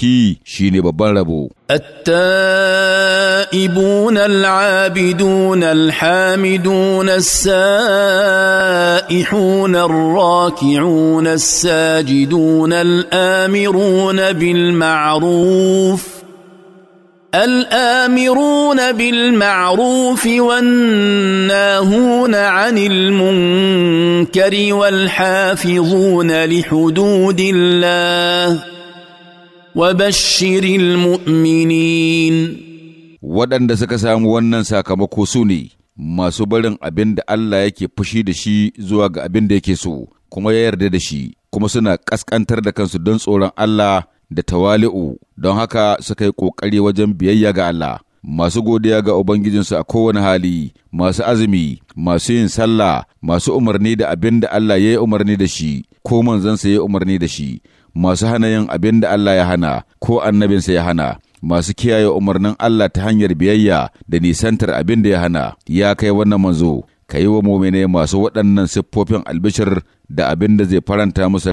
ki شيني babban التائبون العابدون الحامدون السائحون الراكعون الساجدون الامرون بالمعروف الامرون بالمعروف والناهون عن المنكر والحافظون لحدود الله وبشر المؤمنين waɗanda suka samu wannan sakamako su ne masu barin abin da Allah yake fushi da shi zuwa ga abin da yake so kuma ya yarda da shi kuma suna ƙasƙantar da kansu don tsoron Allah da tawali'u don haka suka yi ƙoƙari wajen biyayya ga Allah masu godiya ga Ubangijinsu a kowane hali masu azumi masu yin sallah masu umarni da abin da Allah ya yi umarni da shi ko manzansa ya yi umarni da shi masu hana yin abin da Allah ya hana ko annabinsa ya hana masu kiyaye umarnin Allah ta hanyar biyayya da nisantar abin da ya hana ya kai wannan manzo ka yi wa mumine masu waɗannan siffofin albishir da abin da zai faranta musu